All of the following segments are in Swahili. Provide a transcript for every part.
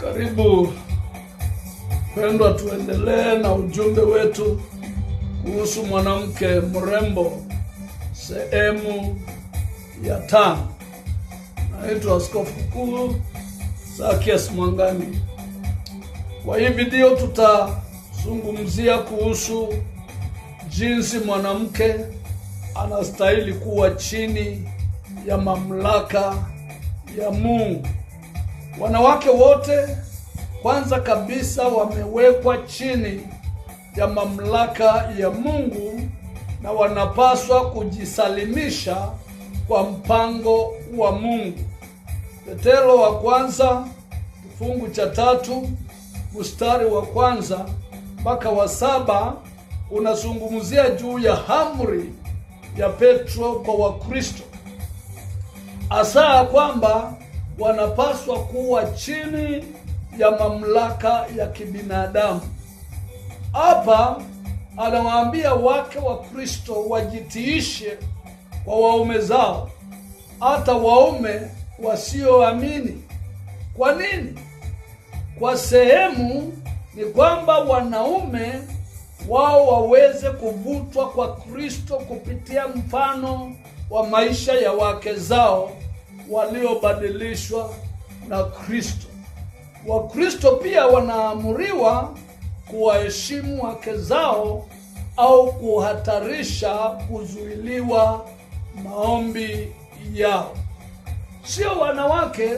Karibu pendwa, tuendelee na ujumbe wetu kuhusu mwanamke mrembo sehemu ya tano. Naitwa Askofu Mkuu Sakias Mwangani. Kwa hii video tutazungumzia kuhusu jinsi mwanamke anastahili kuwa chini ya mamlaka ya Mungu. Wanawake wote kwanza kabisa wamewekwa chini ya mamlaka ya Mungu na wanapaswa kujisalimisha kwa mpango wa Mungu. Petero wa kwanza kifungu cha tatu mstari wa kwanza mpaka wa saba unazungumzia juu ya amri ya Petro kwa Wakristo, asaa kwamba wanapaswa kuwa chini ya mamlaka ya kibinadamu. Hapa anawaambia wake wa Kristo wajitiishe kwa waume zao, hata waume wasioamini. Kwa nini? Kwa sehemu ni kwamba wanaume wao waweze kuvutwa kwa Kristo kupitia mfano wa maisha ya wake zao waliobadilishwa na Kristo. Wakristo pia wanaamuriwa kuwaheshimu wake zao au kuhatarisha kuzuiliwa maombi yao. Sio wanawake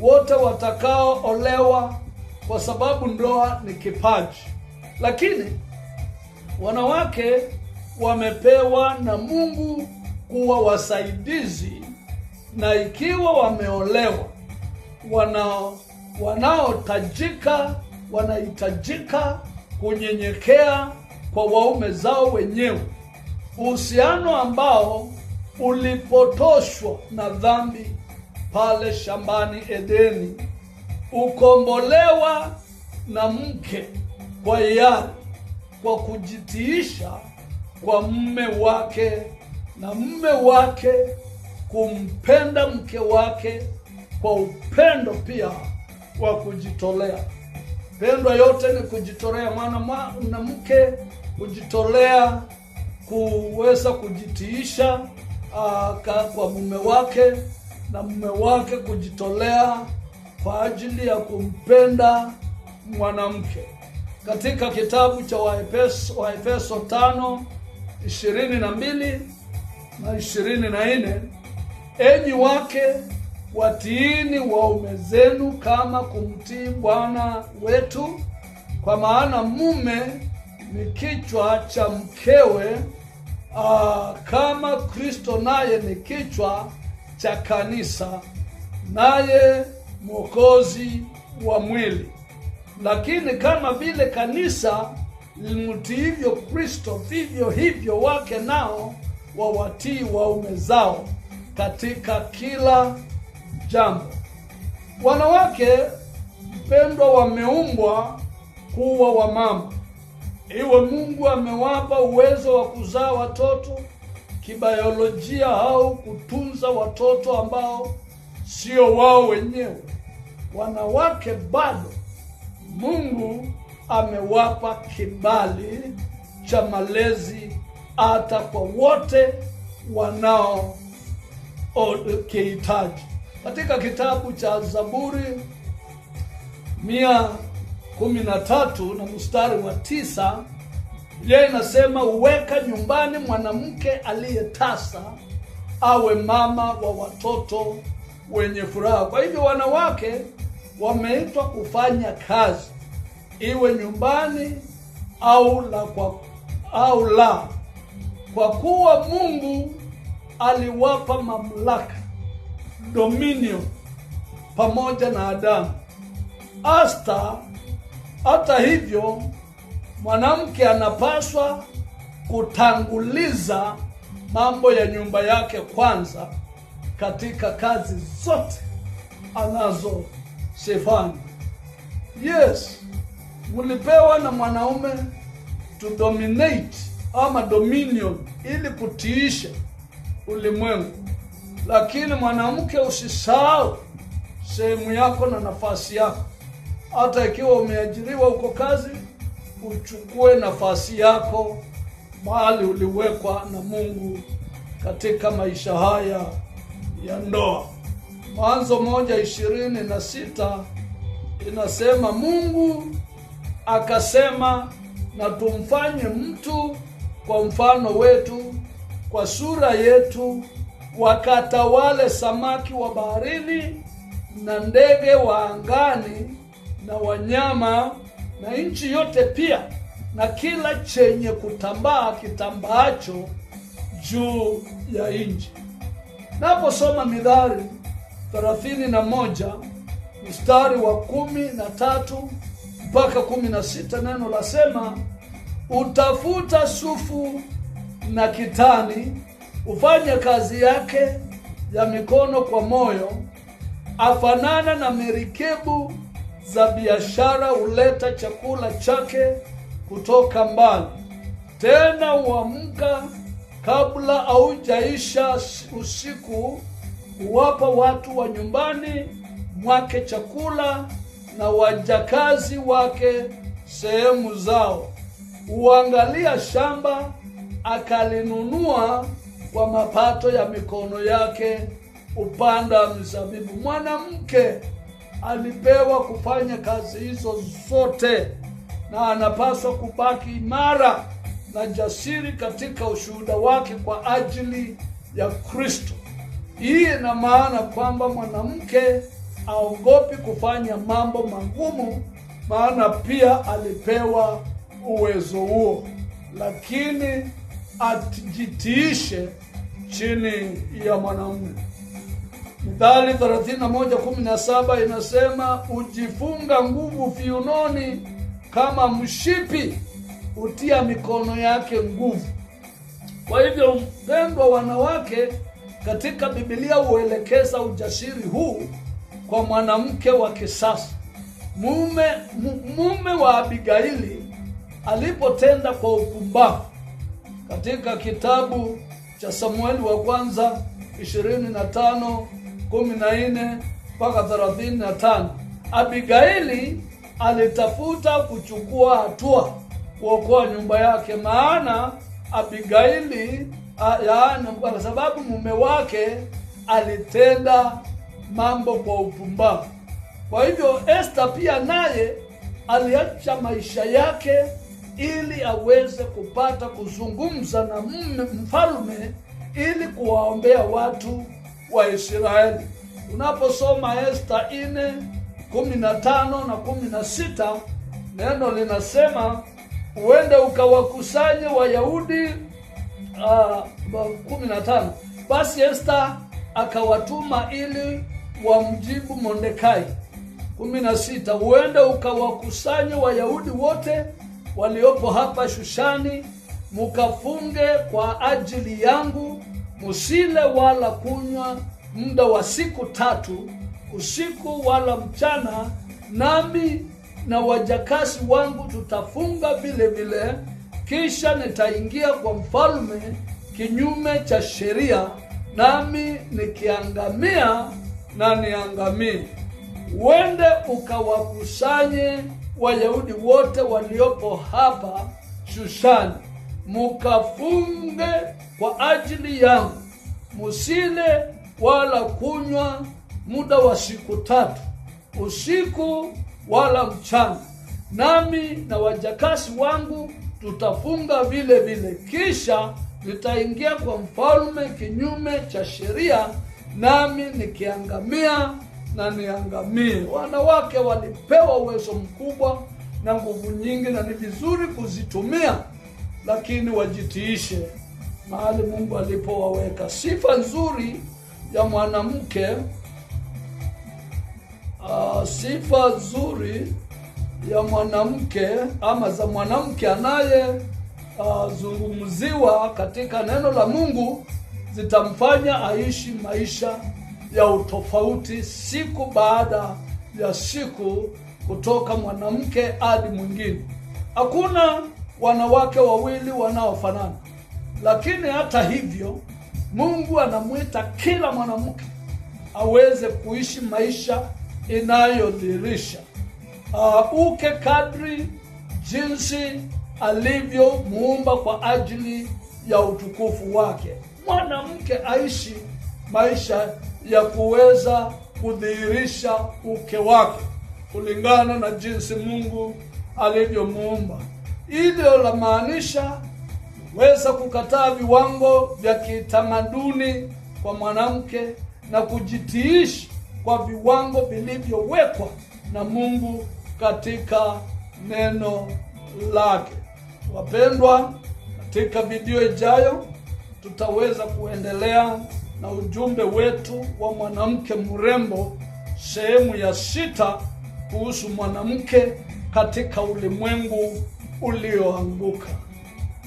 wote watakaoolewa, kwa sababu ndoa ni kipaji, lakini wanawake wamepewa na Mungu kuwa wasaidizi na ikiwa wameolewa, wanao wanaotajika wanahitajika kunyenyekea kwa waume zao wenyewe, uhusiano ambao ulipotoshwa na dhambi pale shambani Edeni, ukombolewa na mke kwa hiari kwa kujitiisha kwa mume wake na mume wake kumpenda mke wake kwa upendo pia wa kujitolea. Pendwa yote ni kujitolea, mwanamke kujitolea kuweza kujitiisha uh, kwa mume wake na mume wake kujitolea kwa ajili ya kumpenda mwanamke. Katika kitabu cha Waefeso, Waefeso tano ishirini na mbili na ishirini na nne Enyi wake watiini waume zenu kama kumtii Bwana wetu, kwa maana mume ni kichwa cha mkewe, aa, kama Kristo naye ni kichwa cha kanisa, naye mwokozi wa mwili. Lakini kama vile kanisa limtiivyo Kristo, vivyo hivyo wake nao wawatii waume zao katika kila jambo. Wanawake mpendwa, wameumbwa kuwa wamama. Iwe Mungu amewapa uwezo wa kuzaa watoto kibayolojia au kutunza watoto ambao sio wao wenyewe, wanawake bado Mungu amewapa kibali cha malezi hata kwa wote wanao kihitaji. Katika kitabu cha Zaburi mia kumi na tatu na mstari wa tisa yeye inasema uweka nyumbani mwanamke aliyetasa awe mama wa watoto wenye furaha. Kwa hivyo wanawake wameitwa kufanya kazi iwe nyumbani au la kwa, au la kwa kuwa Mungu aliwapa mamlaka, dominion pamoja na Adamu. Hasta hata hivyo, mwanamke anapaswa kutanguliza mambo ya nyumba yake kwanza katika kazi zote anazozifanya. Yes, mlipewa na mwanaume to dominate ama dominion ili kutiisha ulimwengu. Lakini mwanamke, usisahau sehemu yako na nafasi yako. Hata ikiwa umeajiriwa huko kazi, uchukue nafasi yako mahali uliwekwa na Mungu katika maisha haya ya ndoa. Mwanzo moja ishirini na sita inasema Mungu akasema, na tumfanye mtu kwa mfano wetu kwa sura yetu, wakatawale samaki wa baharini na ndege wa angani na wanyama na nchi yote pia na kila chenye kutambaa kitambaacho juu ya nchi. Naposoma Mithali thelathini na moja mstari wa kumi na tatu mpaka kumi na sita neno lasema, utafuta sufu na kitani, ufanye kazi yake ya mikono kwa moyo, afanana na merikebu za biashara, huleta chakula chake kutoka mbali, tena huamka kabla haujaisha usiku, huwapa watu wa nyumbani mwake chakula na wajakazi wake sehemu zao, huangalia shamba akalinunua kwa mapato ya mikono yake upanda mzabibu. Mwanamke alipewa kufanya kazi hizo zote, na anapaswa kubaki imara na jasiri katika ushuhuda wake kwa ajili ya Kristo. Hii ina maana kwamba mwanamke aogopi kufanya mambo magumu, maana pia alipewa uwezo huo, lakini ajitiishe chini ya mwanamume. Mithali 31:17 inasema, ujifunga nguvu viunoni kama mshipi, utia mikono yake nguvu. Kwa hivyo, mpendwa, wanawake katika Biblia huelekeza ujasiri huu kwa mwanamke wa kisasa. Mume mume wa Abigaili alipotenda kwa upumbavu katika kitabu cha Samueli wa kwanza 25 14 mpaka 35. Abigaili alitafuta kuchukua hatua kuokoa nyumba yake, maana Abigaili yaani, kwa sababu mume wake alitenda mambo kwa upumbavu. Kwa hivyo Esther pia naye aliacha maisha yake ili aweze kupata kuzungumza na mfalme ili kuwaombea watu wa Israeli. Unaposoma Esta ine kumi na tano na kumi na sita neno linasema uende ukawakusanye Wayahudi ah, kumi na tano. Basi Esta akawatuma ili wamjibu Mondekai. kumi na sita uende ukawakusanye Wayahudi wote waliopo hapa Shushani, mukafunge kwa ajili yangu, musile wala kunywa muda wa siku tatu, usiku wala mchana, nami na wajakasi wangu tutafunga vile vile. Kisha nitaingia kwa mfalme kinyume cha sheria, nami nikiangamia na niangamie. Wende ukawakusanye Wayahudi wote waliopo hapa Shushani, mukafunge kwa ajili yangu, musile wala kunywa muda wa siku tatu, usiku wala mchana, nami na wajakasi wangu tutafunga vile vile. Kisha nitaingia kwa mfalme kinyume cha sheria, nami nikiangamia na niangamie. Wanawake walipewa uwezo mkubwa na nguvu nyingi, na ni vizuri kuzitumia, lakini wajitiishe mahali Mungu alipowaweka. Sifa nzuri ya mwanamke uh, sifa nzuri ya mwanamke ama za mwanamke anayezungumziwa ah, uh, katika neno la Mungu zitamfanya aishi maisha ya utofauti siku baada ya siku kutoka mwanamke hadi mwingine. Hakuna wanawake wawili wanaofanana, lakini hata hivyo Mungu anamwita kila mwanamke aweze kuishi maisha inayodhihirisha uh, uke kadri jinsi alivyomuumba kwa ajili ya utukufu wake. Mwanamke aishi maisha ya kuweza kudhihirisha uke wake kulingana na jinsi Mungu alivyomuumba. Hilo la maanisha weza kukataa viwango vya kitamaduni kwa mwanamke na kujitiishi kwa viwango vilivyowekwa na Mungu katika neno lake. Wapendwa, katika video ijayo tutaweza kuendelea na ujumbe wetu wa mwanamke mrembo sehemu ya sita kuhusu mwanamke katika ulimwengu ulioanguka.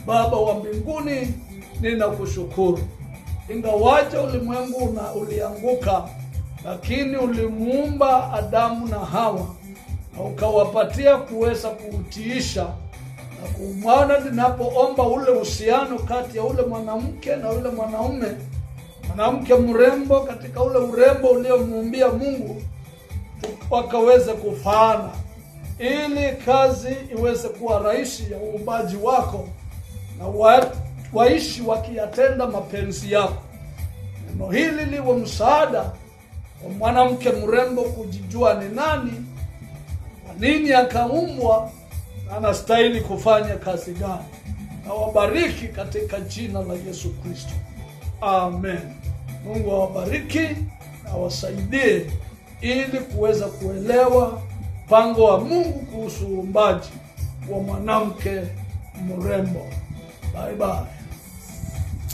Baba wa mbinguni, ninakushukuru. Ingawaje ulimwengu na ulianguka, lakini ulimuumba Adamu na Hawa na ukawapatia kuweza kuutiisha na kumwana. Ninapoomba ule uhusiano kati ya ule mwanamke na ule mwanaume mwanamke mrembo katika ule urembo uliomuumbia Mungu wakaweze kufaana, ili kazi iweze kuwa rahisi ya uumbaji wako na wa, waishi wakiyatenda mapenzi yako. Neno hili liwe msaada kwa mwanamke mrembo kujijua ni nani, kwa nini akaumbwa, na anastahili kufanya kazi gani. Na wabariki katika jina la Yesu Kristo, amen. Mungu awabariki na awasaidie ili kuweza kuelewa mpango wa Mungu kuhusu uumbaji wa mwanamke mrembo. Bye bye.